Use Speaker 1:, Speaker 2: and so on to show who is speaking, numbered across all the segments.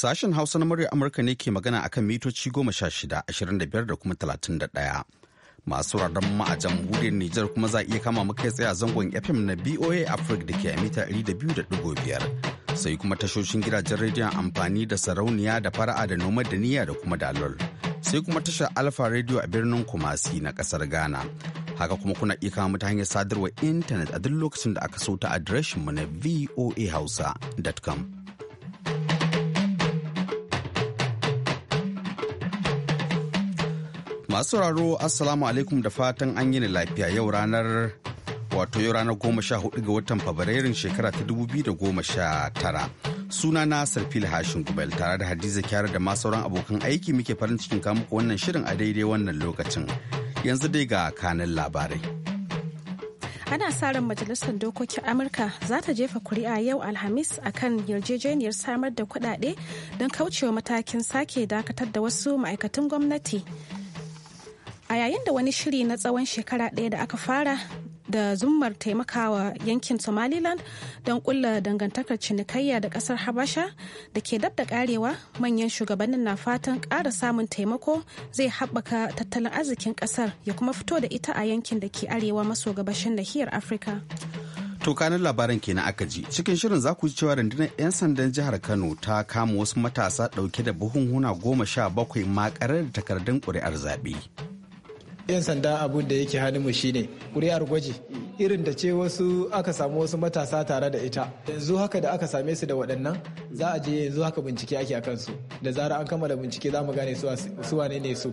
Speaker 1: Sashen Hausa na murya Amurka ne ke magana akan mitoci goma sha shida, ashirin da biyar da kuma talatin da ɗaya. Masu wuraren ma'ajan a jamhuriyar Nijar kuma za a iya kama muka tsaye a zangon FM na BOA Africa da ke a mita ɗari da biyu da ɗigo biyar. Sai kuma tashoshin gidajen rediyon amfani da sarauniya da fara'a da noma da niyya da kuma dalol. Sai kuma tashar Alfa Radio a birnin Kumasi na ƙasar Ghana. haka kuma kuna iya kama ta hanyar sadarwar intanet a duk lokacin da aka so ta adireshin mu na voahausa.com. Masu sauraro Assalamu alaikum da fatan an yi lafiya yau ranar wato yau ranar goma sha hudu ga watan Fabrairun shekara ta dubu biyu da goma sha tara. Suna na Sarfil Hashin Gubel tare da Hadiza kyara da ma sauran abokan aiki muke farin cikin kamuku wannan shirin a daidai wannan lokacin. Yanzu dai ga kanin labarai.
Speaker 2: ana sa ran majalisar dokokin amurka za ta jefa kuri'a yau alhamis akan yarjejeniyar samar da kuɗaɗe don kaucewa matakin sake dakatar da wasu ma'aikatan gwamnati a yayin da wani shiri na tsawon shekara ɗaya da aka fara da zummar taimakawa yankin somaliland don kulla dangantakar cinikayya da kasar habasha da ke dab da karewa manyan shugabannin na fatan ƙara samun taimako zai haɓaka tattalin arzikin ƙasar ya kuma fito da ita a yankin da ke arewa maso gabashin nahiyar afirka
Speaker 1: To labaran kenan aka ji cikin shirin za ku ji cewa rundunar 'yan sandan jihar Kano ta kama wasu matasa dauke da buhunhuna goma sha bakwai makarar da takardun ƙuri'ar zaɓe.
Speaker 3: 'yan sanda abun da yake hannunmu shine kuri'ar gwaji irin da ce wasu aka samu wasu matasa tare da ita yanzu haka da aka same su da waɗannan za a je yanzu haka bincike ake a kansu da zara an kammala bincike za mu gane su wane
Speaker 1: ne su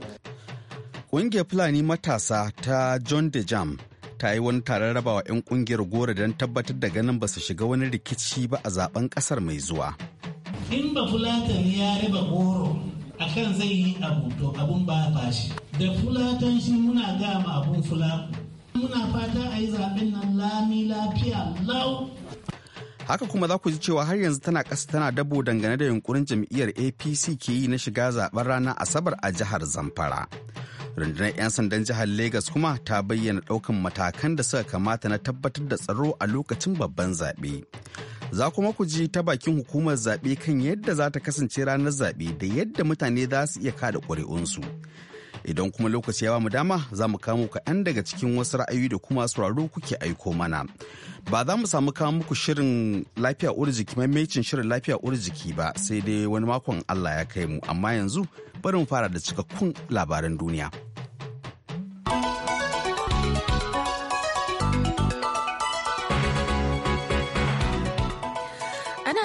Speaker 1: ƙungiyar fulani matasa ta john de jam ta yi wani taron rabawa 'yan ƙungiyar goro don tabbatar da ganin ba su shiga wani rikici ba a zaben kasar mai zuwa
Speaker 4: in ba fulatan ya raba goro akan zai yi abu abun ba ba shi da fulatan shi muna gama abun fulaku muna fata a yi zaɓen nan lami lafiya lau
Speaker 1: haka kuma za ku ji cewa har yanzu tana ƙasa tana dabo dangane da yunkurin jam'iyyar apc ke yi na shiga zaben rana asabar a jihar zamfara rundunar 'yan sandan jihar Legas kuma ta bayyana ɗaukan matakan da suka kamata na tabbatar da tsaro a lokacin babban zaɓe Za kuma ku ji ta bakin hukumar zaɓe kan yadda za ta kasance ranar zaɓe da yadda mutane za su iya kada ƙuri'unsu. Idan kuma lokaci ya ba mu dama za mu kamo ɗan daga cikin wasu ra'ayoyi da kuma sauraro kuke aiko mana. Ba za mu samu kawo muku shirin lafiya uwar jiki maimacin shirin lafiya uwar jiki ba sai dai wani makon Allah ya kai mu amma yanzu bari mu fara da cikakkun labaran duniya.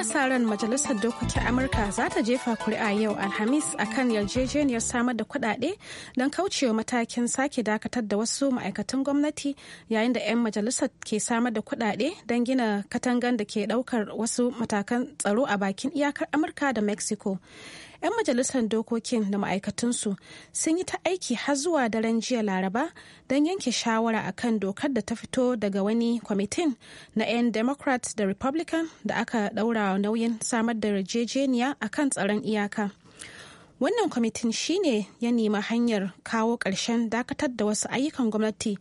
Speaker 2: ana sa ran majalisar dokokin amurka za ta jefa kuri'a yau alhamis akan yarjejeniyar samar da kuɗaɗe don kaucewa matakin sake dakatar da wasu ma'aikatan gwamnati yayin da 'yan majalisar ke samar da kuɗaɗe don gina katangan da ke ɗaukar wasu matakan tsaro a bakin iyakar amurka da mexico 'yan majalisar dokokin da ma'aikatansu sun yi ta aiki har zuwa daren jiya laraba don yanke shawara a kan dokar da ta fito daga wani kwamitin na 'yan democrat da republican da aka ɗaura nauyin samar da yarjejeniya kan tsaron iyaka wannan kwamitin shine ya nema hanyar kawo ƙarshen dakatar da wasu ayyukan gwamnati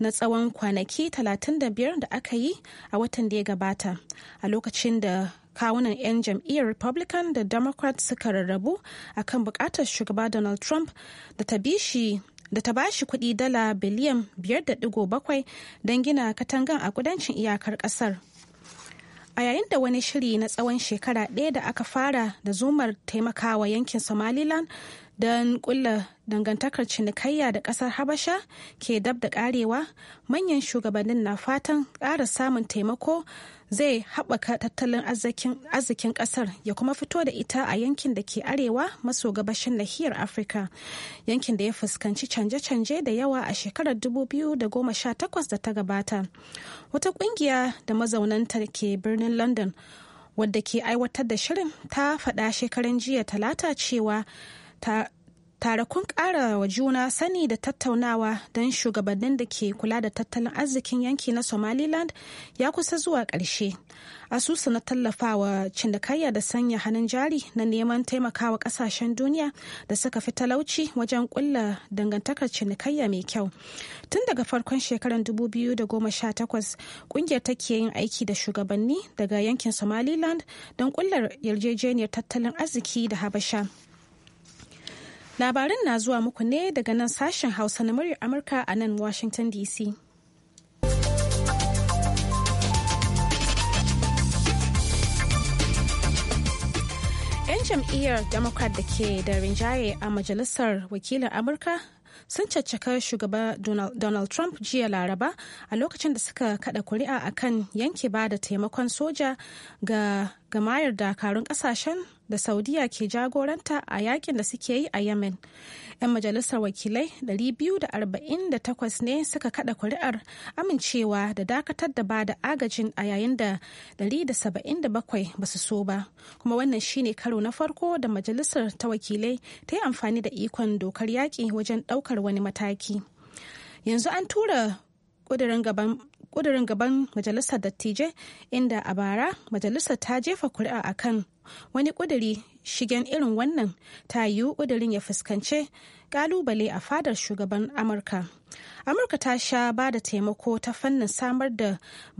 Speaker 2: na tsawon kwanaki 35 da aka yi a watan da ya gabata a lokacin da kawunan 'yan jam'iyyar republican da democrat suka rarrabu a kan bukatar shugaba donald trump da ta ba da ta bashi kuɗi dala biliyan 5.7 don gina katangan a kudancin iyakar ƙasar. A yayin da wani shiri na tsawon shekara ɗaya da aka fara da zumar taimakawa yankin Somaliland don kulla dangantakar cinikayya da ƙasar Habasha ke dab da ƙarewa, manyan shugabannin na fatan ƙara samun taimako zai haɓaka tattalin arzikin ƙasar ya kuma fito da ita a yankin da ke arewa maso gabashin nahiyar afirka yankin da ya fuskanci canje-canje da yawa a shekarar 2018 da ta gabata wata ƙungiya da mazaunanta ke birnin london wadda ke aiwatar da shirin ta faɗa shekaran jiya talata cewa ta tare kun kara wa juna sani da tattaunawa don shugabannin da ke kula da tattalin arzikin yanki na somaliland ya kusa zuwa ƙarshe asusu na tallafawa cinikayya da sanya hannun jari na neman taimakawa ƙasashen duniya da suka fi talauci wajen ƙulla dangantakar cinikayya mai kyau tun daga farkon shekarar 2018 kungiyar ta ke yin aiki da shugabanni daga yankin somaliland don ƙullar yarjejeniyar tattalin arziki da habasha Labarin na zuwa muku ne daga nan sashen Hausa na muryar Amurka a nan Washington DC. yan jam'iyyar democrat da ke da rinjaye a majalisar wakilin amurka sun caccaka shugaba Donald Trump jiya Laraba a lokacin da suka kada kuri'a kan yanke ba da taimakon soja ga gamayar dakarun kasashen da Saudiya ke jagoranta a yakin da suke yi a Yemen. 'yan majalisar wakilai 248 ne suka kada kuri'ar amincewa da dakatar da ba da agajin a yayin da 177 ba su so ba kuma wannan shine karo na farko da majalisar ta wakilai ta yi amfani da ikon dokar yaƙi wajen ɗaukar wani mataki yanzu an tura ƙudurin gaban kudurin gaban majalisar dattijai inda a bara majalisar ta jefa kuri'a akan wani kuduri shigen irin wannan ta yiwu kudurin ya fuskance kalubale a fadar shugaban amurka amurka ta sha ba da taimako ta fannin samar da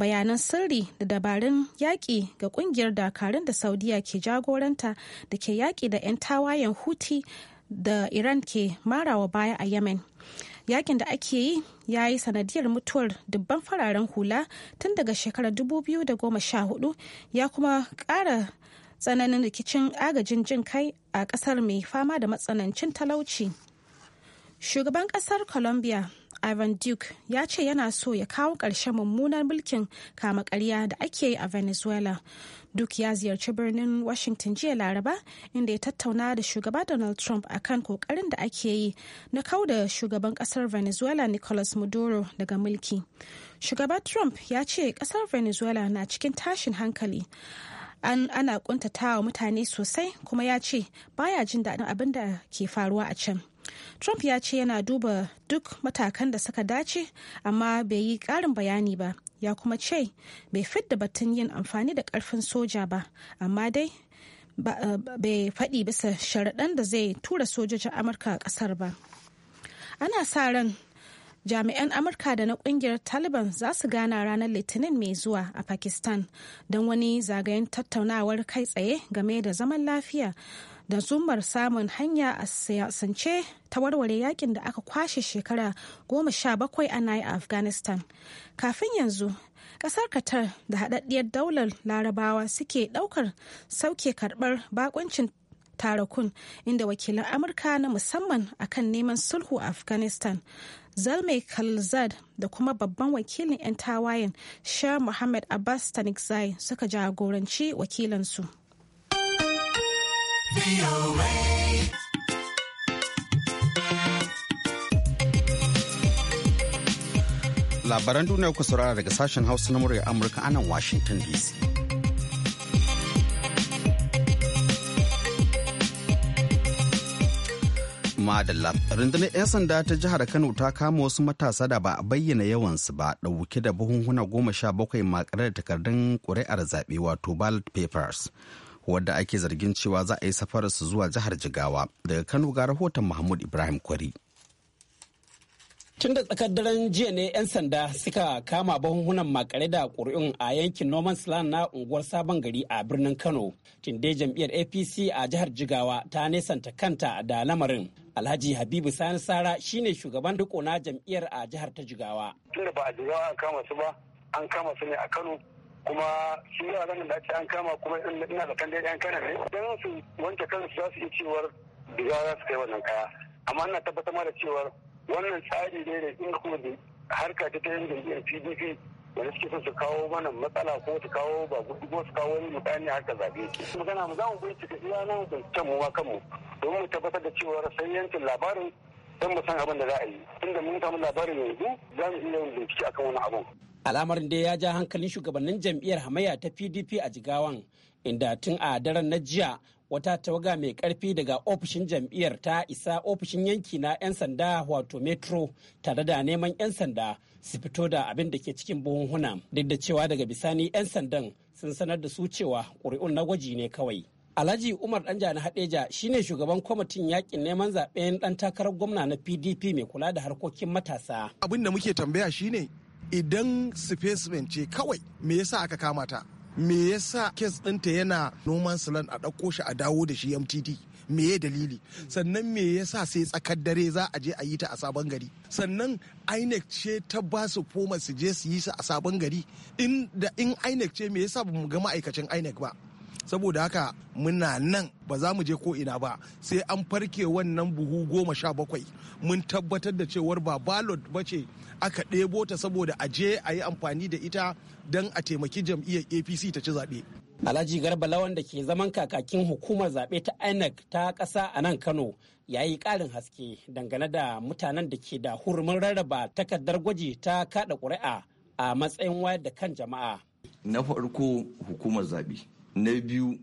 Speaker 2: bayanan sirri da dabarun yaƙi ga ƙungiyar dakarun da saudiya ke jagoranta da ke yaƙi da 'yan tawayen huti da iran ke marawa baya a yemen yakin da ake yi ya yi sanadiyar mutuwar dubban fararen hula tun daga shekarar 2014 ya kuma ƙara tsananin rikicin agajin jin kai a kasar mai fama da matsanancin talauci. Shugaban kasar Colombia Ivan Duke ya ce yana so ya kawo ƙarshen mummunar mulkin kama karya da ake yi a Venezuela. Duke ya ziyarci birnin Washington jiya Laraba inda ya tattauna da shugaba Donald Trump a kan kokarin da ake yi na kau da shugaban ƙasar Venezuela Nicolas Maduro daga mulki. shugaban Trump ya ce ƙasar Venezuela na cikin tashin hankali. An ana kuntatawa mutane sosai kuma ya ce baya jin daɗin abin da ke faruwa a can. Trump ya ce yana duba duk matakan da suka dace amma bai yi ƙarin bayani ba ya kuma ce bai fidda batun yin amfani da ƙarfin soja ba amma dai eh, bai faɗi bisa sharaɗan da zai tura sojojin amurka a ƙasar ba ana sa ran jami'an amurka da na kungiyar taliban za su gana ranar litinin mai zuwa a pakistan don wani zagayen tattaunawar kai tsaye game da zaman lafiya da zumar samun hanya a siyasance ta warware yakin da aka kwashe shekara goma sha bakwai ana yi a afghanistan kafin yanzu kasar qatar da haɗaɗɗiyar daular larabawa suke ɗaukar sauke karɓar bakuncin tarakun inda wakilan amurka na musamman akan neman sulhu a afghanistan zalmai kalzad da kuma babban wakilin 'yan tawayen shah muhammad abbas tanikzai suka jagoranci wakilansu.
Speaker 1: Labaran duniya ku saurara daga sashen Hausa na murya Amurka a nan Washington DC. Madalla. Rundunar 'yan sanda ta jihar Kano ta kama wasu matasa da ba a bayyana yawansu ba ɗauke da buhunhuna goma sha bakwai makare da takardun ƙuri'ar zaɓe wato ballot papers. wadda ake zargin cewa za a yi safararsu zuwa jihar jigawa daga kano ga rahoton mahmud ibrahim kwari
Speaker 5: Tun da tsakar daren jiya ne 'yan sanda suka kama bahunhunan makare da ƙuri'un a yankin noman Slan na unguwar Sabon Gari a birnin Kano. Tunde jam'iyyar APC a jihar Jigawa ta nesanta kanta da lamarin. Alhaji Habibu Sani Sara shine shugaban riko na jam'iyyar a jihar ta Jigawa.
Speaker 6: Tun da ba a Jigawa an kama su ba, an kama su ne a Kano kuma su yaran da ake an kama kuma ina da kandai yan kana ne don su wanke kansu za su yi cewar diga za su kai wannan kaya amma ina tabbatar da cewar wannan tsari ne da in kuma harka ta yin jam'iyyar pdp da suke so su kawo mana matsala ko su kawo ba gudu ko su kawo wani mutane harka zabe magana mu za mu bincika iya nan binciken mu ma kanmu domin mu tabbatar da cewar sai yankin labarin don mu san abin da za a yi tunda mun samu labarin yanzu za mu iya yin bincike akan wani abin
Speaker 5: al'amarin da ya ja hankalin shugabannin jam'iyyar hamayya ta pdp a jigawan inda tun a daren na jiya wata tawaga mai karfi daga ofishin jam'iyyar ta isa ofishin yanki na 'yan sanda wato metro tare da neman 'yan sanda su fito da abin da ke cikin buhunhuna duk da cewa daga bisani 'yan sandan sun sanar da su cewa ƙuri'un na gwaji ne kawai Alhaji Umar Danja na Hadeja shine shugaban kwamitin yakin neman zaben dan takarar gwamna na PDP mai kula da harkokin matasa. Abin da muke tambaya shine idan
Speaker 1: specimen ce kawai me yasa aka kama ta me yasa kes ɗinta yana noman land a ɗauko shi a dawo da shi mtd me ya dalili sannan me yasa sai tsakar dare za a je a yi ta a sabon gari sannan inec ce ta ba su foma su je su yi su a sabon gari in da in inec ce me yasa ba mu ga ma'aikacin inec ba saboda haka muna nan ba za mu je ko ina ba sai an farke wannan buhu goma sha bakwai mun tabbatar da cewar ba ballot ba ce aka ɗebo ta saboda a je a yi amfani da ita don a taimaki jam'iyyar apc ta ci zaɓe alhaji garba lawan da ke zaman
Speaker 5: kakakin hukumar zaɓe ta inec ta ƙasa a nan kano ya yi ƙarin haske dangane da mutanen da ke da hurumin rarraba takardar gwaji ta kaɗa ƙuri'a a matsayin wayar da kan jama'a
Speaker 1: na farko hukumar zaɓe na biyu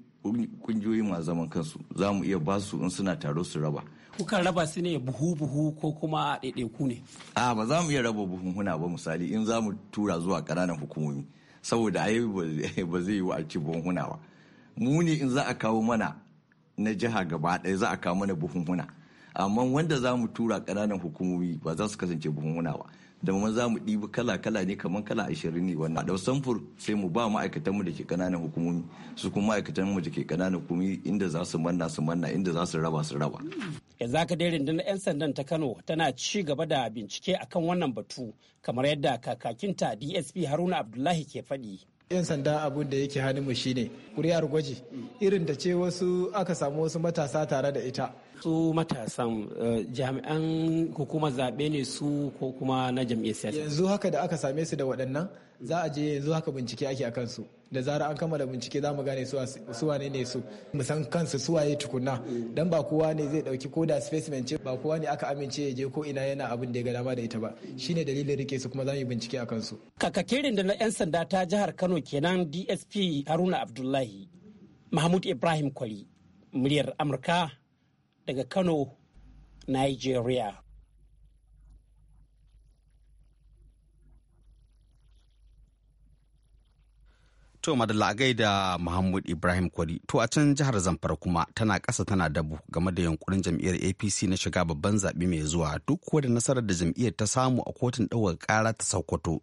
Speaker 1: kungiyoyi masu zaman kansu za mu iya ba su in suna taro su raba kukan
Speaker 5: raba su ne buhu-buhu ko kuma ɗaiɗaiku ne
Speaker 1: a ba za mu iya raba buhunhuna ba misali in za mu tura zuwa ƙananan hukumomi saboda ai ba zai yi wa a ci buhunhuna ba mu ne in za a kawo mana na jiha gaba ɗaya za a kawo mana buhunhuna amma wanda za mu tura ƙananan hukumomi ba za su kasance buhunhuna ba da mu za mu ɗibi kala-kala ne kamar kala ashirin ne wannan da samfur sai mu ba ma'aikatanmu da ke kananan hukumomi su kuma ma'aikatanmu da ke kananan hukumomi inda za su manna su manna inda za su raba su raba. yanzu haka dai rundunar 'yan sandan ta
Speaker 5: kano tana ci gaba da bincike akan wannan batu kamar yadda kakakinta dsp haruna abdullahi ke faɗi. 'yan sanda abun da yake hannunmu shine ƙuri'ar gwaji irin
Speaker 3: da ce wasu aka samu wasu matasa tare da ita
Speaker 5: su matasan eh, jami'an hukumar zaɓe ne su ko kuma na jam'iyyar siyasa yanzu haka da aka same su da waɗannan
Speaker 3: za a je yanzu haka bincike ake a kansu da zarar an kammala bincike za mu gane su wane ne su musan kansu su waye tukunna dan ba kowa ne zai dauki ko da specimen ce ba kowa ne aka amince
Speaker 5: ya je ko ina yana abin da ya ga dama da ita ba shine dalilin rike su kuma za mu bincike a kansu kakakirin da na yan sanda ta jihar Kano kenan DSP Haruna Abdullahi Mahmud Ibrahim Kwari muryar Amurka daga Kano, Nigeria.
Speaker 1: To madalla a da Muhammad Ibrahim Kwari. To a can jihar Zamfara kuma tana ƙasa tana dabu game da yunkurin jam'iyyar APC na shiga babban zaɓe mai zuwa duk kuwa da nasarar da jam'iyyar ta samu a kotun ɗaukar ƙara ta Sokoto.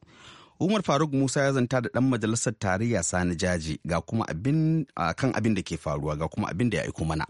Speaker 1: Umar Faruk Musa ya zanta da ɗan majalisar tarayya Sani Jaji ga kuma kan abin da ke faruwa ga kuma abin da ya aiko mana.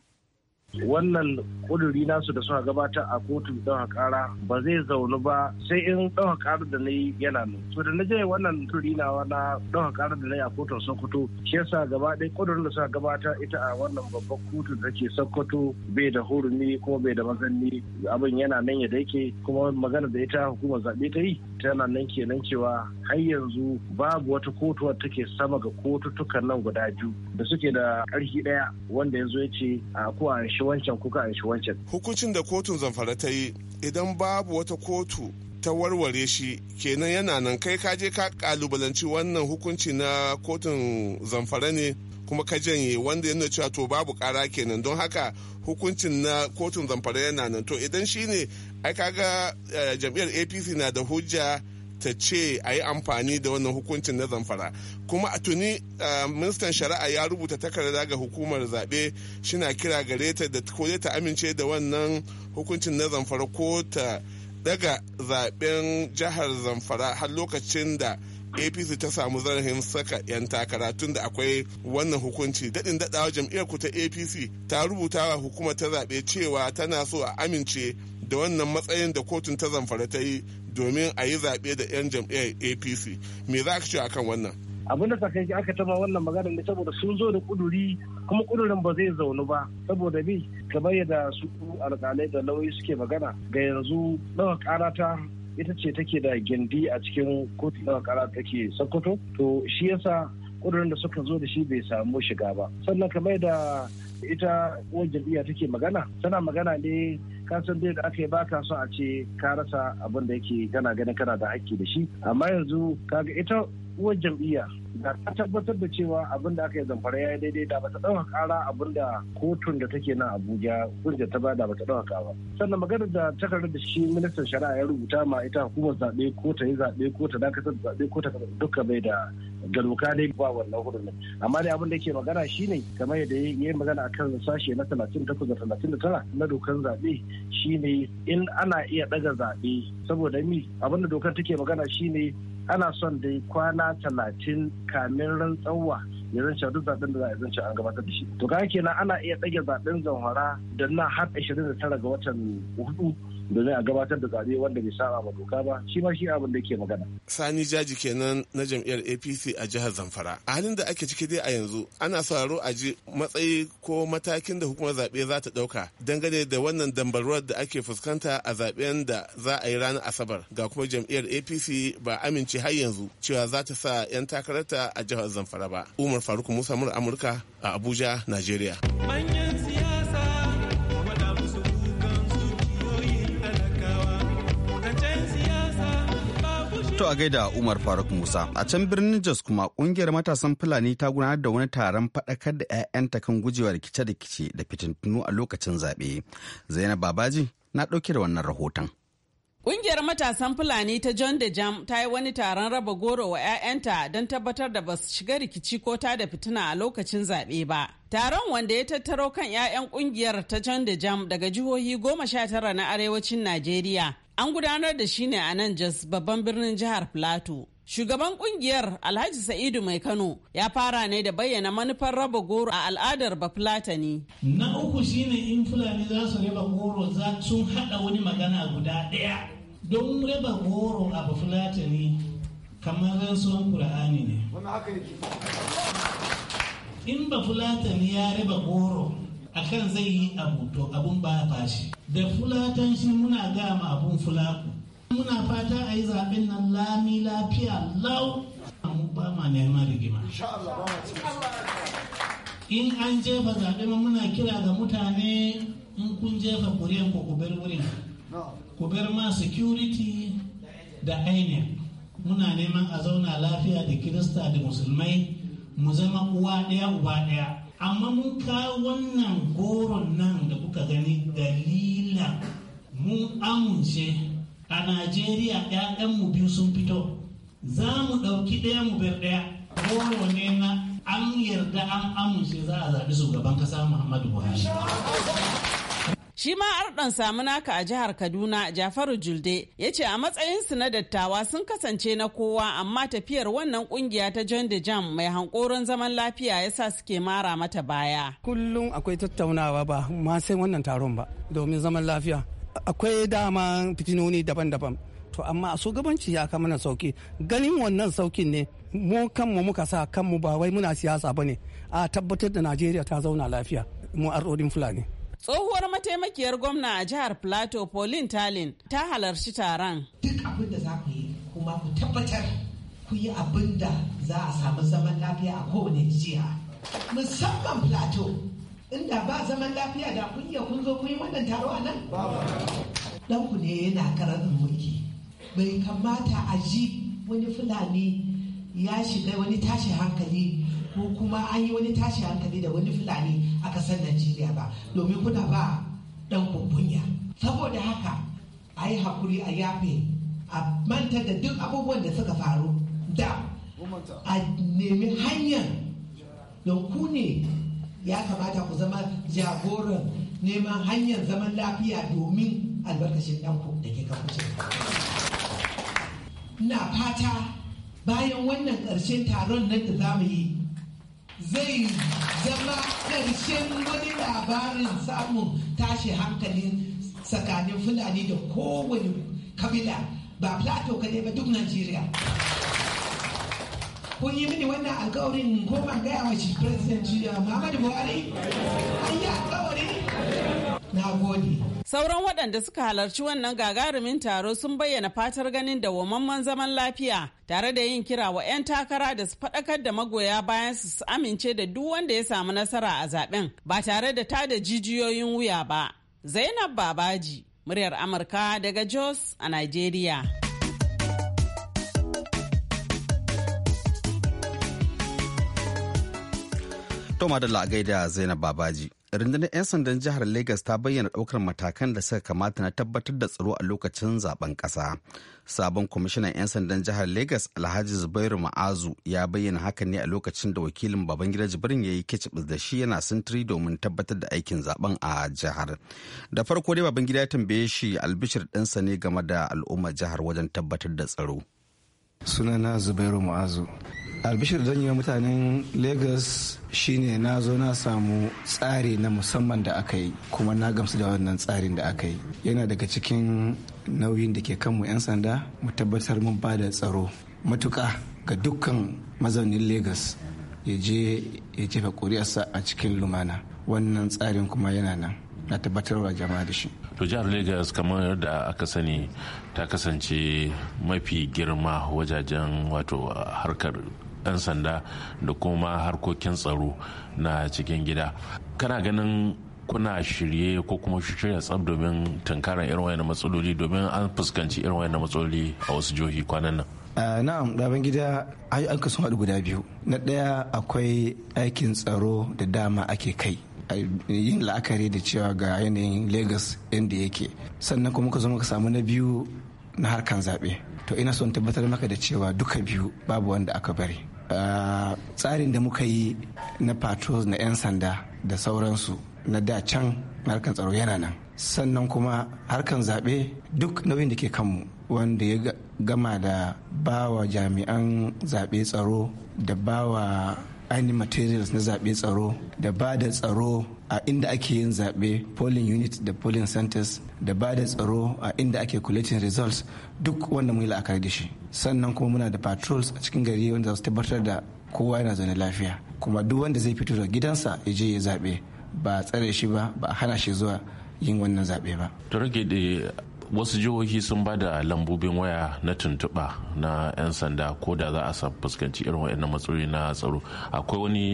Speaker 6: wannan kuduri nasu da suka gabatar a kotun ɗaukar ƙara ba zai zaunu ba sai in ɗaukar ƙara da na yi yana nan to da na je wannan kuduri na na ƙara da na yi a kotun sokoto shi yasa gaba ɗaya kudurin da suka gabata ita a wannan babban kotu da ke sokoto bai da hurumi kuma bai da mazanni abin yana nan ya yake kuma magana da ita hukumar zaɓe ta yi tana nan kenan cewa har yanzu babu wata kotu wadda take sama ga kotutukan nan guda biyu da suke da ƙarfi ɗaya wanda yanzu zo ya ce a kowane shi wancan kuka shi wancan hukuncin da kotun zamfara ta yi
Speaker 7: idan babu wata kotu ta warware shi kenan yana nan kai ka je ka kalubalanci wannan hukunci na kotun zamfara ne kuma ka janye wanda yana cewa to babu kara kenan don haka hukuncin na kotun zamfara yana nan to idan shine ai kaga eh, jam'iyyar apc na da hujja ta ce a yi amfani da wannan hukuncin na zamfara kuma a tuni ministan shari'a ya rubuta takarda ga hukumar zaɓe shina kira gare ta da ko ta amince da wannan hukuncin na zamfara ko ta daga zaɓen jihar zamfara har lokacin da apc ta samu zarafin saka 'yan takara tun da akwai wannan hukunci daɗin daɗawa jam'iyyar ku ta apc ta rubuta wa hukumar ta zaɓe cewa tana so a amince da wannan matsayin da kotun ta zamfara ta yi domin a yi zaɓe da 'yan jam'iyyar apc me za ka ce akan wannan
Speaker 6: abin da sakai aka taba wannan magana ne saboda sun zo da kuduri kuma kudurin ba zai zaunu ba saboda bi kamar yadda su alƙalai da lauyi suke magana ga yanzu ɗaga ƙarata ita ce take da gindi a cikin kotu ɗaga ƙara take sokoto to shi yasa kudurin da suka zo da shi bai samu shiga ba sannan kamar da ita uwar jam'iyya take magana tana magana ne kasan dai da aka yi baka so a ce ka rasa abin da yake gana ganin kana da haƙƙi da shi amma yanzu kaga ita uwar jam'iyya da ta tabbatar da cewa abin da aka yi zamfara ya yi daidai da bata ɗauka ƙara abin da kotun da take nan abuja hujja ta bada bata ɗauka ba sannan maganar da takardar da shi ministan shari'a ya rubuta ma ita hukumar zaɓe ko ta yi zaɓe ko ta dakatar da zaɓe ko ta duka bai da ga doka dai ba wannan hurumin amma dai abin da ke magana shine kamar yadda ya yi magana a kan sashe na talatin takwas da talatin da tara na dokan zaɓe shine in ana iya ɗaga zaɓe saboda mi abin da dokar take magana shine ana son da dai kwana talatin kamin rantsawa ya zance duk zaɓen da za a zance an gabatar da shi to kaga kenan ana iya tsage zaɓen zanwara da na har 29 ga watan hudu domin a gabatar da zaɓe wanda bai saba ba doka ba shi ma shi abin da ke magana.
Speaker 7: Sani Jaji kenan na jam'iyyar APC a jihar Zamfara. A halin da ake ciki dai a yanzu ana sauraro a ji matsayi ko matakin da hukumar zaɓe za ta ɗauka dangane da wannan dambarwar da ake fuskanta a zaɓen da za a yi ranar Asabar ga kuma jam'iyyar APC ba amince har yanzu cewa za ta sa 'yan takararta a jihar Zamfara ba. Umar Faruk Musa Amurka a Abuja, Najeriya.
Speaker 1: To a gaida Umar Faruk Musa a can birnin Jos kuma kungiyar matasan Fulani ta gudanar da wani taron faɗakar da 'ya'yanta kan gujewa rikice-rikice da fitintunu a lokacin zabe Zainab Babaji na ɗauke da wannan rahoton.
Speaker 8: kungiyar matasan Fulani ta John da Jam ta yi wani taron raba goro wa 'ya'yanta don tabbatar da ba su shiga rikici ko ta da fitina a lokacin zaɓe ba. Taron wanda ya tattaro kan 'ya'yan kungiyar ta John da Jam daga jihohi goma sha tara na arewacin Najeriya An gudanar da shi ne a nan Jos babban birnin jihar Plateau. Shugaban kungiyar Alhaji Sa'idu Mai Kano ya fara ne da bayyana manufar raba goro a al'adar Bafulatani.
Speaker 4: Na uku shine in Fulani za su raba goro za sun haɗa wani magana guda ɗaya. Don raba goro a Bafulatani kamar rantsuwan Kur'ani ne. In Bafulatani ya raba goro akan zai yi abu to abun ba bashi da fulatanci muna gama abun fulaku muna fata a yi zaɓen nan lami lafiya lau mu ba ma neman rigima in an jefa zaɓe muna kira ga mutane in kun jefa kuriyan ku kubar wurin kubar ma security da ainihin muna neman a zauna lafiya da kirista da musulmai mu zama uwa ɗaya uba ɗaya amma mun ka wannan goron nan da kuka gani dalila mu amince a najeriya mu biyu sun fito za mu ɗauki ɗaya mu bar ɗaya goro ne na an yarda an amince za a zaɓi shugaban ƙasa muhammadu buhari
Speaker 8: Shi ma arɗon samunaka a jihar Kaduna Jafaru Julde ya ce a matsayinsu na dattawa sun kasance na kowa amma tafiyar wannan kungiya ta John de Jam mai hankoron zaman lafiya ya sa suke mara mata baya. Kullum
Speaker 1: akwai tattaunawa ba ma sai wannan taron ba domin zaman lafiya. Akwai dama fitinoni daban-daban. To amma a shugabanci ya kama na sauki ganin wannan saukin ne mu kanmu muka sa kanmu ba wai muna siyasa ba ne a tabbatar da Najeriya ta zauna lafiya mu Fulani.
Speaker 8: Tsohuwar mataimakiyar gwamna a jihar Plateau Pauline Talin ta halarci taron.
Speaker 9: Duk abin da za ku yi kuma ku tabbatar ku yi abin da za a samu zaman lafiya a kowane jiya. Musamman Plateau inda ba zaman lafiya da kun iya kun zo kun yi wannan taro a nan. Ɗanku ne yana karamin mulki. Bai kamata a ji wani Fulani ya shiga wani tashin hankali ko kuma an yi wani tashi hankali da wani fulani a san najeriya ba domin kuna ba dan kunya saboda haka a yi hakuri a yafe a manta da duk abubuwan da suka faru da a nemi hanyar don ku ne ya kamata ku zama jagoran neman hanyar zaman lafiya domin albarkacin ɗanku da ke kafuce. na fata bayan wannan ƙarshen taron nan da za mu yi zai zama ƙarshen wani labarin samun tashi hankalin tsakanin fulani da kowane kabila ba plato kadai ba duk najeriya kun yi mini wannan alkawarin ko ban gaya wa shi president muhammadu buhari an yi alkawari
Speaker 8: na gode Sauran waɗanda suka halarci wannan gagarumin taro sun bayyana fatar ganin wamamman zaman lafiya tare da yin kira wa 'yan takara da su faɗakar da magoya bayan su amince da duk wanda ya samu nasara a zaben ba tare da tada jijiyoyin wuya ba. Zainab Babaji, muryar Amurka daga Jos a Nigeria.
Speaker 1: Toma da la'agai da Zainab Babaji. rundunar 'yan sandan jihar lagos ta bayyana ɗaukar matakan da suka kamata na tabbatar da tsaro a lokacin zaben kasa sabon kwamishinan 'yan sandan jihar lagos alhaji zubairu ma'azu ya bayyana haka ne a lokacin da wakilin babangida jibrin ya yi kicibis da shi yana sintiri domin tabbatar da aikin zaben a jihar da farko dai baban gida ya tambaye shi albishir ɗinsa ne game da al'ummar jihar wajen tabbatar da tsaro sunana zubairu mu'azu
Speaker 10: albishir zan yi mutanen lagos shine na zo na samu tsari na musamman da aka yi kuma na gamsu da wannan tsarin da aka yi yana daga cikin nauyin da ke kanmu 'yan sanda mu tabbatar mun ba da tsaro matuka ga dukkan mazaunin lagos ya je ya jefa ƙuri'asa a cikin lumana wannan tsarin kuma yana nan na wa jama'a da shi
Speaker 11: to jihar lagos kamar da aka sani ta kasance mafi girma wajajen wato harkar 'yan sanda da kuma harkokin tsaro na cikin gida kana ganin kuna shirye ko kuma shirya tsab domin tunkarar irin wayan matsaloli domin an fuskanci irin wayan matsaloli a wasu jihohi kwanan
Speaker 10: nan na'am ɗaban gida ayyukan sun haɗu guda biyu na ɗaya akwai aikin tsaro da dama ake kai yin la'akari da cewa ga yanayin lagos inda yake sannan kuma ka zo muka samu na biyu na harkan zaɓe to ina son tabbatar maka da cewa duka biyu babu wanda aka bari tsarin da muka yi na patrols na 'yan sanda da sauransu na da can harkan tsaro yana nan sannan kuma harkan zaɓe duk nauyin da ke kanmu wanda ya gama da bawa jami'an zaɓe tsaro da bawa ainihin materials na zaɓe tsaro da ba da tsaro a inda ake yin zaɓe polling unit da polling centers da ba da tsaro a inda ake collecting results duk wanda mu yi la'akari da shi sannan kuma muna da patrols a cikin gari wanda za su tabbatar da kowa yana zaune lafiya kuma duk wanda zai fito da gidansa ya je ya zaɓe ba a tsare shi ba ba a hana shi zuwa yin wannan zaɓe ba.
Speaker 11: wasu jihohi sun ba da lambobin waya na tuntuɓa na 'yan sanda ko da za a fuskanci irin waɗannan matsaloli na tsaro akwai wani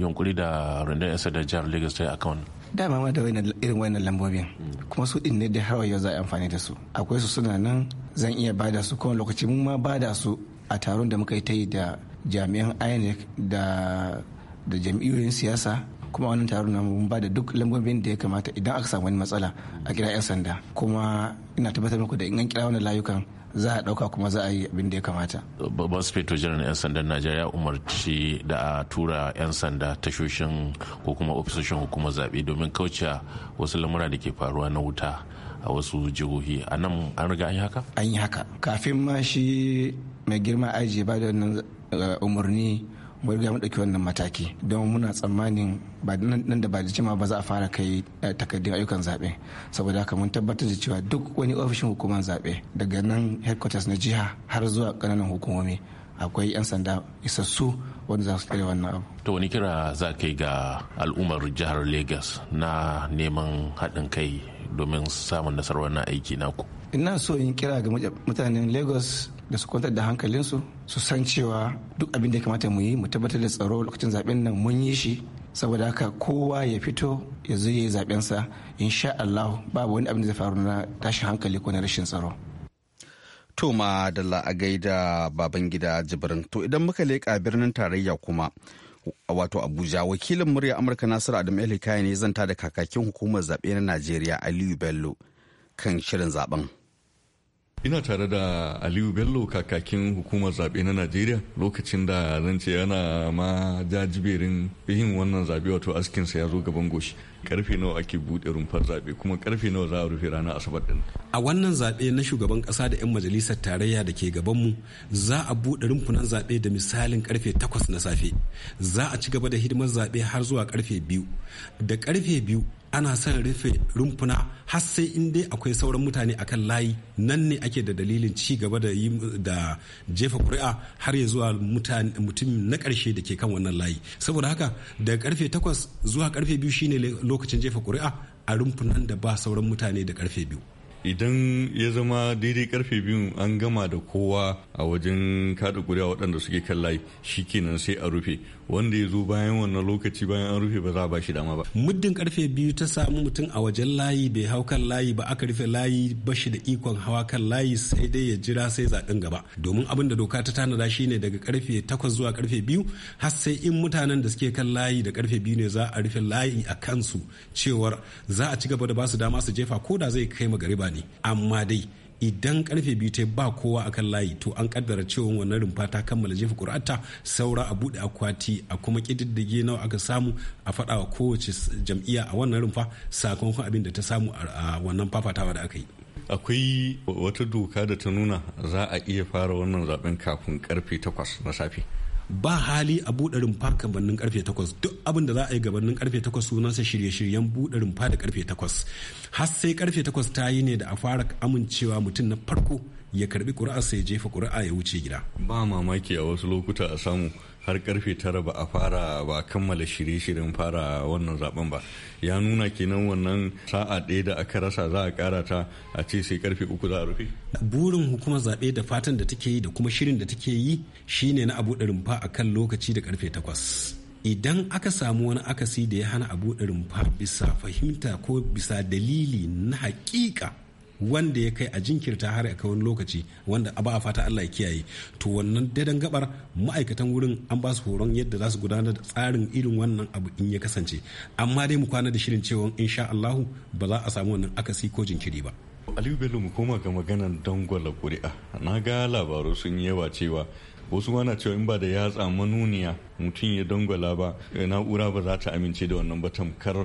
Speaker 11: yunkuri da rundunar 'yan sanda jihar lagos ta yi akan
Speaker 10: dama ma da irin wannan lambobin kuma su ne da hawa yau za a amfani da su akwai su suna nan zan iya bada su kuma lokaci mun ma bada su a taron da muka yi ta yi da jami'an inec da da jam'iyyoyin siyasa kuma wannan taron na mun bada duk lambobin da ya kamata idan aka samu wani matsala a kira 'yan sanda kuma ina tabbatar muku da in an kira wannan layukan za a dauka kuma za a yi abin da ya kamata.
Speaker 11: Babban Sufeto Jiran 'yan sandan Najeriya umarci da a tura 'yan sanda tashoshin ko kuma ofisoshin hukumar zaɓe domin kauce wasu lamura da ke faruwa na wuta a wasu jihohi. A nan an riga an yi haka?
Speaker 10: An yi haka. Kafin ma shi mai girma aji ba da umarni mu riga mu ɗauki wannan mataki don muna tsammanin ba nan da ba da jima ba za a fara kai eh, takardun ayyukan zaɓe saboda haka mun tabbatar da cewa duk wani ofishin hukumar zaɓe daga nan headquarters na jiha har zuwa ƙananan hukumomi akwai 'yan sanda isassu wanda za su tsere wannan abu.
Speaker 11: To wani kira za ka yi ga al'ummar jihar lagos na neman haɗin kai domin samun nasarar wannan aiki naku?
Speaker 10: Ina so in kira ga mutanen Lagos da su kwantar da hankalinsu su san cewa duk abin da ya kamata mu yi mu tabbatar da tsaro lokacin zaben nan mun yi shi saboda haka kowa ya fito ya zo ya yi zabensa insha Allah babu wani abin da zai faru na tashin hankali ko na rashin tsaro.
Speaker 1: To ma da la'agai da baban gida jibirin to idan muka leƙa birnin tarayya kuma wato Abuja wakilin murya Amurka Nasiru Adam Elikaya ne zanta da kakakin hukumar zaɓe na Najeriya Aliyu Bello kan shirin zaɓen.
Speaker 12: ina tare da aliyu bello kakakin hukumar zaɓe na najeriya lokacin da zan ce yana ma jajiberin yin wannan zaɓe wato askinsa ya zo gaban goshi karfe nawa ake buɗe rumfar zaɓe kuma karfe nawa za a rufe rana asabar din a wannan zaɓe
Speaker 3: na shugaban ƙasa da 'yan majalisar tarayya da ke gabanmu za a buɗe rumfunan zaɓe da misalin karfe 8 na safe za a ci gaba da hidimar zaɓe har zuwa karfe biyu da karfe biyu. ana son rufe rumfuna har sai in dai akwai sauran mutane a kan layi nan ne ake da dalilin ci gaba da jefa kuri'a har ya zuwa mutum na karshe da ke kan wannan layi saboda haka daga karfe 8 zuwa karfe 2 shine lokacin jefa kuri'a a rumfunan da ba sauran mutane da karfe 2
Speaker 12: idan ya zama daidai karfe biyu an gama da kowa a wajen kada kuri'a waɗanda suke kan layi kenan sai a rufe wanda ya zo bayan wannan lokaci bayan an rufe ba za a ba shi dama ba muddin
Speaker 3: karfe biyu ta samu mutum a wajen layi bai hau kan layi ba aka rufe layi ba shi da ikon hawa kan layi sai dai ya jira sai zaɓen gaba domin abin da doka ta tanada shi ne daga karfe takwas zuwa karfe biyu har sai in mutanen da suke kan layi da karfe biyu ne za a rufe layi a kansu cewar za a ci gaba da ba su dama su jefa ko da zai kai magariba ne amma dai idan karfe biyu ta ba kowa akan layi to an kaddara cewa wannan rumfa ta kammala jefa ƙuri'arta saura a buɗe akwati a kuma ƙididdige nawa aka samu a faɗa wa kowace jam'iyya a wannan rumfa sakamakon abin da ta samu a wannan fafatawa da aka yi.
Speaker 12: akwai wata doka da ta nuna za a iya fara wannan zaben kafin karfe takwas na safe
Speaker 3: ba hali a buɗe rumfa gabanin karfe
Speaker 12: takwas duk abin da za a yi gabanin karfe takwas sunansa
Speaker 3: shirye-shiryen buɗe rumfa da karfe takwas har sai karfe takwas ta yi ne da a fara amincewa mutum na farko ya karbi ƙuri'a sai jefa ƙuri'a ya wuce gida
Speaker 12: ba mamaki a wasu lokuta a samu har karfe tara ba a fara ba kammala shirye-shiryen fara wannan zaben ba ya nuna kenan wannan sa'a ɗaya da aka rasa za a kara ta a ce sai karfe uku za a rufe
Speaker 3: burin hukumar zaɓe da fatan da take yi da kuma shirin da take yi shine na abu rumfa a kan lokaci da karfe takwas idan aka samu wani akasi da ya hana abu rumfa bisa fahimta ko bisa dalili na haƙiƙa. wanda ya kai a jinkirta har a wani lokaci wanda ba a fata Allah ya kiyaye to wannan daidan gabar ma'aikatan wurin an ba su horon yadda za su gudanar da tsarin irin wannan abu in ya kasance amma dai mu kwana da shirin cewa insha Allahu ba za a samu wannan akasi ko jinkiri ba
Speaker 12: Aliyu Bello mu koma ga maganar dangwala ƙuri'a na ga labaru sun yawa cewa wasu na cewa in ba da yatsa manuniya mutum ya dangwala ba eh, na'ura ba za ta amince da wannan ba tamkar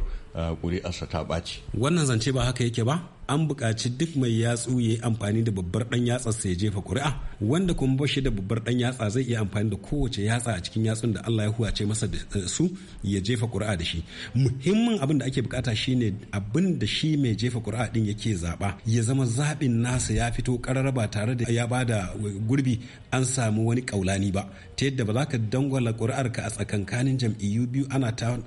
Speaker 12: kuri'arsa ah, ta ɓaci.
Speaker 3: Wannan zance ba haka yake ba? An buƙaci duk mai yatsu ya yi amfani da babbar ɗan sai ya jefa ƙuri'a wanda kuma ba shi da babbar ɗan yatsa zai iya amfani da kowace yatsa a cikin yatsun da Allah ya huwace masa da eh, su ya jefa ƙuri'a da shi. Muhimmin abin da ake buƙata shine abin da shi mai jefa ƙuri'a din yake zaɓa ya zama zaɓin nasa ya fito ƙararraba ba tare da ya bada eh, gurbi an samu wani ƙaulani ba ta yadda ba za ka dangwala ƙuri'ar ka a tsakankanin jam'iyyu biyu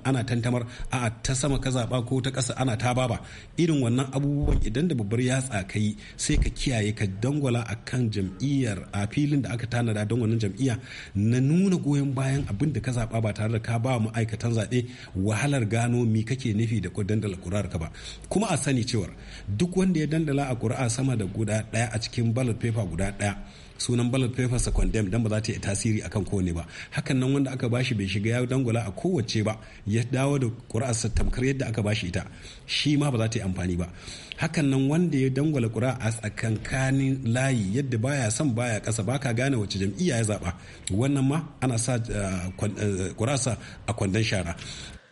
Speaker 3: ana tantamar a ta sama ka zaba ko ta ƙasa ana ta baba irin wannan abubuwan idan da babbar yatsa ka sai ka kiyaye ka dangwala a kan jam'iyyar a filin da aka tanada don wannan jam'iyya na nuna goyon bayan abin da ka zaɓa ba tare da ka ba ma'aikatan zaɓe wahalar gano mi kake nufi da dandala ƙuri'ar ka ba kuma a sani cewar duk wanda ya dandala a kuri'a sama da guda ɗaya a cikin ballot paper guda ɗaya sunan ballot paper sa condemn dan ba za ta yi tasiri akan kowane ba hakan nan wanda aka bashi bai shiga ya dangula a kowace ba ya dawo da ƙuri'arsa tamkar yadda aka bashi ita shi ma ba za ta yi amfani ba hakan nan wanda ya dangula ƙuri'a a tsakankanin layi yadda baya son baya ƙasa ka gane wacce jam'iyya ya zaba wannan ma ana sa
Speaker 1: eh, eh, ƙuri'arsa a kwandon shara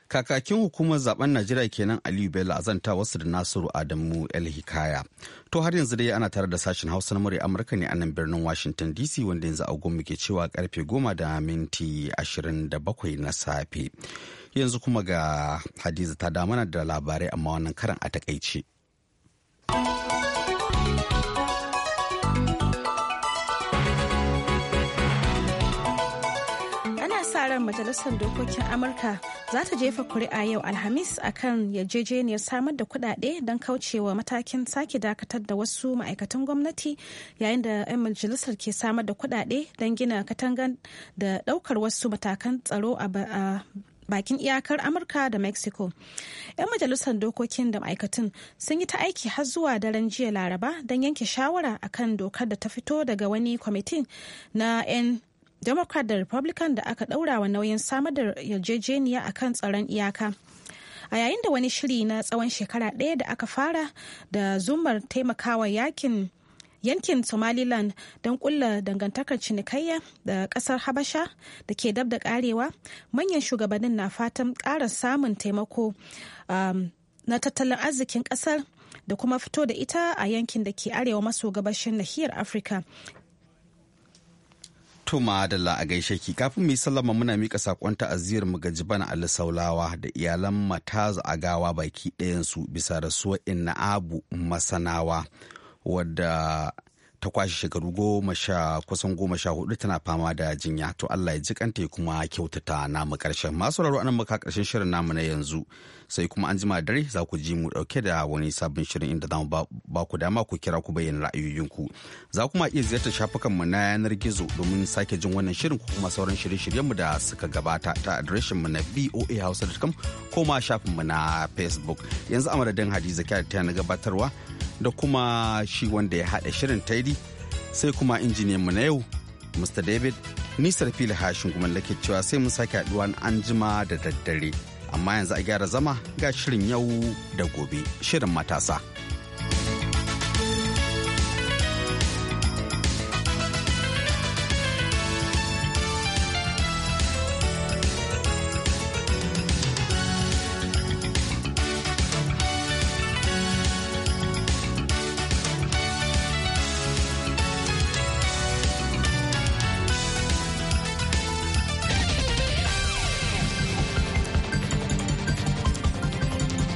Speaker 1: kakakin hukumar zaben najeriya kenan aliyu bello a zanta wasu da nasiru adamu el hikaya to har yanzu dai ana tare da sashen hausa na murya amurka ne a nan birnin washington dc wanda yanzu agon muke cewa karfe goma da minti ashirin da bakwai na safe yanzu kuma ga hadiza ta damana da labarai amma wannan karan a takaice
Speaker 2: bangaren majalisar dokokin amurka za ta jefa kuri'a yau alhamis akan yarjejeniyar samar da kudade don kaucewa matakin sake dakatar da wasu ma'aikatan gwamnati yayin da 'yan majalisar ke samar da kudade don gina katangan da daukar wasu matakan tsaro a bakin iyakar amurka da mexico 'yan majalisar dokokin da ma'aikatan sun yi ta aiki har zuwa daren jiya laraba don yanke shawara akan dokar da ta fito daga wani kwamitin na 'yan democrat da republican da aka ɗaura wa nauyin samar da yarjejeniya a kan tsaron iyaka a yayin da wani shiri na tsawon shekara ɗaya da aka fara da zumar taimakawa yakin yankin somaliland don kulla dangantakar cinikayya da kasar habasha da ke dab da karewa manyan shugabannin na fatan ƙara samun taimako um, na tattalin arzikin kasar da kuma fito da ita a yankin da ke arewa maso gabashin nahiyar afirka
Speaker 1: To ma'adala a gaishe ki kafin mu yi sallama muna mika sakon ta'aziyar mu gaji bana Ali Saulawa da iyalan a gawa baki ɗayansu bisa rasuwar Inna Abu Masanawa wadda ta kwashe shekaru goma sha kusan goma sha hudu tana fama da jinya to Allah ya ji kanta ya kuma kyautata namu karshen masu raro anan muka karshen shirin namu na yanzu sai kuma an jima dare za ku ji mu dauke da wani sabon shirin inda za mu ba ku dama ku kira ku bayyana ra'ayoyinku za kuma iya ziyartar shafukanmu na yanar gizo domin sake jin wannan shirin ko kuma sauran shirye-shiryenmu da suka gabata ta adireshinmu na voahausa.com ko ma shafin mu na facebook yanzu dan hadi hadiza kyar ta na gabatarwa da kuma shi wanda ya hada shirin taidi sai kuma injiniyan mu na yau mr david nisar fili hashin kuma lake cewa sai mun sake haɗuwa an jima da daddare. amma yanzu a gyara zama ga shirin yau da gobe shirin matasa.